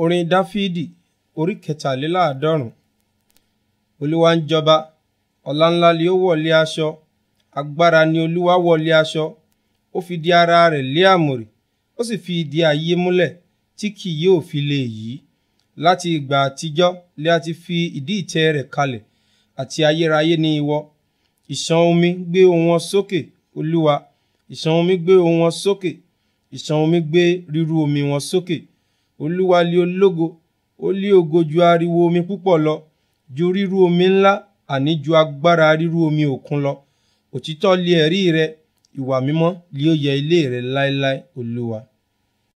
orin dáfídì orí kẹtàléláàádọ́rùn olúwa ń jọba ọláńlá li ó wọlé aṣọ agbára ni olúwa wọlé aṣọ ó fi di ara rẹ̀ lé àmùrè ó sì fi ìdí ayé múlẹ̀ tí kì yóò fi lè yí láti ìgbà àtijọ́ lé a fi ìdí ìtẹ́ rẹ̀ kalẹ̀ àti ayérayé ni ìwọ ìṣàn omi gbé ohùn wọn sókè olúwa ìṣàn omi gbé ohùn wọn sókè ìṣàn omi gbé rírú omi wọn sókè. So olúwa lé ológo ó lé ògo ju ariwo omi púpọ̀ lọ ju rírú omi ńlá àní ju agbára rírú omi òkun lọ òtítọ́ lé ẹ̀rí rẹ ìwà mímọ́ lé ó yẹ ilé rẹ láéláé olúwa